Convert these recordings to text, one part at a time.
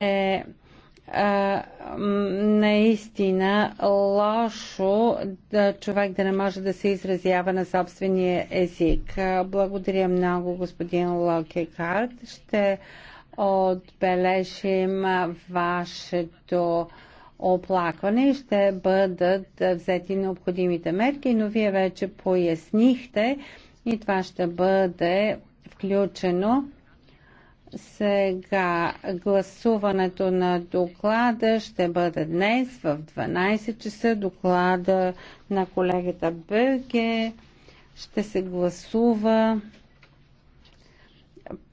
е а, наистина лошо да човек да не може да се изразява на собствения език. Благодаря много, господин Локекарт. Ще отбележим вашето оплакване и ще бъдат взети необходимите мерки, но вие вече пояснихте и това ще бъде включено сега гласуването на доклада ще бъде днес в 12 часа. Доклада на колегата Бърге ще се гласува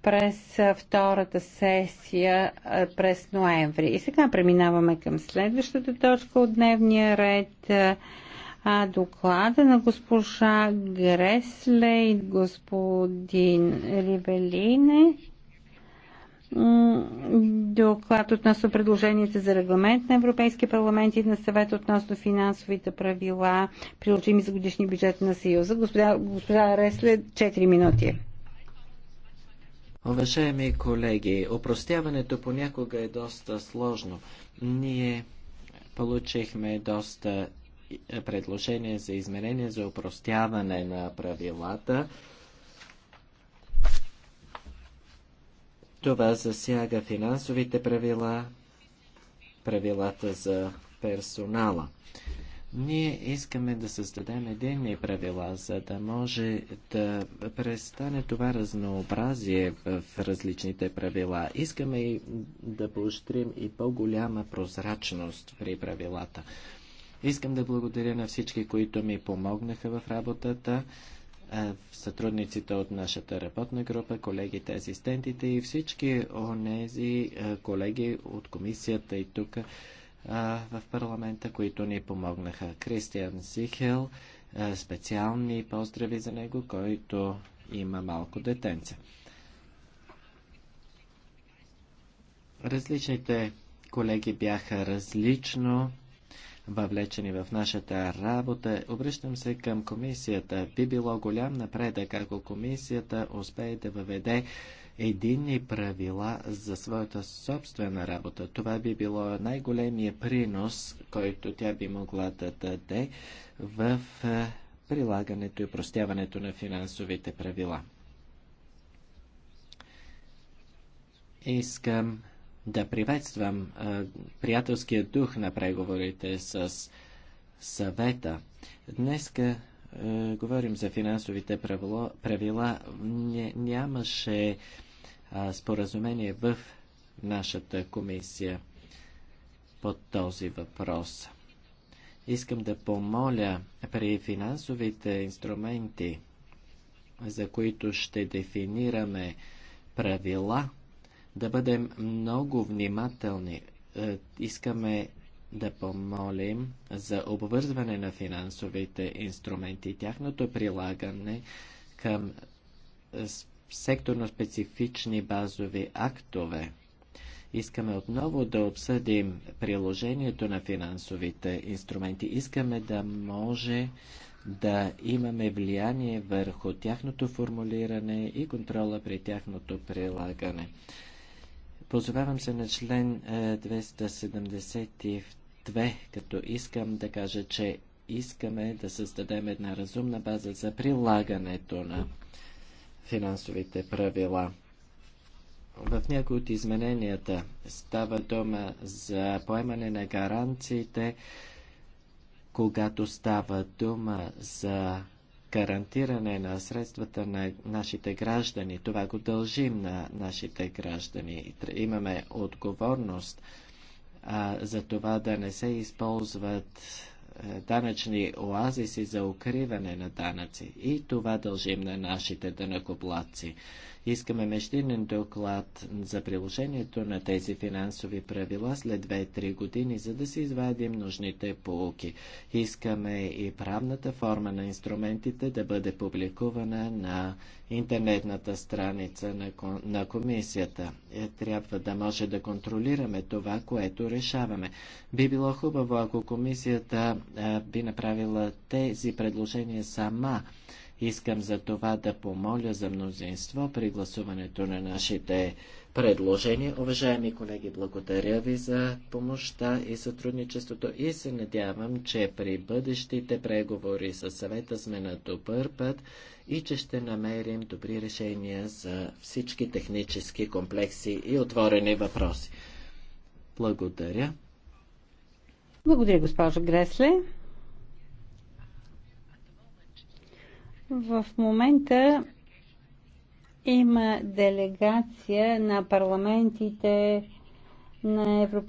през втората сесия през ноември. И сега преминаваме към следващата точка от дневния ред. А доклада на госпожа Гресле и господин Ривелине доклад относно предложенията за регламент на Европейския парламент и на съвет относно финансовите правила, приложими за годишни бюджет на Съюза. Господа, господа Ресле, 4 минути. Уважаеми колеги, опростяването понякога е доста сложно. Ние получихме доста предложения за измерение за опростяване на правилата. Това засяга финансовите правила, правилата за персонала. Ние искаме да създадем единни правила, за да може да престане това разнообразие в различните правила. Искаме и да поощрим и по-голяма прозрачност при правилата. Искам да благодаря на всички, които ми помогнаха в работата сътрудниците от нашата работна група, колегите, асистентите и всички онези е, колеги от комисията и тук е, в парламента, които ни помогнаха. Кристиан Сихел, е, специални поздрави за него, който има малко детенце. Различните колеги бяха различно въвлечени в нашата работа. Обръщам се към комисията. Би било голям напредък, ако комисията успее да въведе единни правила за своята собствена работа. Това би било най-големия принос, който тя би могла да даде в е, прилагането и простяването на финансовите правила. Искам да приветствам а, приятелския дух на преговорите с съвета. Днес говорим за финансовите правило, правила. Нямаше а, споразумение в нашата комисия под този въпрос. Искам да помоля при финансовите инструменти, за които ще дефинираме правила, да бъдем много внимателни. Е, искаме да помолим за обвързване на финансовите инструменти и тяхното прилагане към е, секторно специфични базови актове. Искаме отново да обсъдим приложението на финансовите инструменти. Искаме да може да имаме влияние върху тяхното формулиране и контрола при тяхното прилагане. Позовавам се на член 272, е, като искам да кажа, че искаме да създадем една разумна база за прилагането на финансовите правила. В някои от измененията става дума за поемане на гаранциите, когато става дума за гарантиране на средствата на нашите граждани. Това го дължим на нашите граждани. Имаме отговорност а, за това да не се използват е, данъчни оазиси за укриване на данъци. И това дължим на нашите данъкоплатци. Искаме междинен доклад за приложението на тези финансови правила след 2-3 години, за да се извадим нужните полуки. Искаме и правната форма на инструментите да бъде публикувана на интернетната страница на, на комисията. Е, трябва да може да контролираме това, което решаваме. Би било хубаво, ако комисията би направила тези предложения сама. Искам за това да помоля за мнозинство при гласуването на нашите предложения. Уважаеми колеги, благодаря ви за помощта и сътрудничеството и се надявам, че при бъдещите преговори с съвета сме на добър път и че ще намерим добри решения за всички технически комплекси и отворени въпроси. Благодаря. Благодаря, госпожо Гресле. В момента има делегация на парламентите на Европейския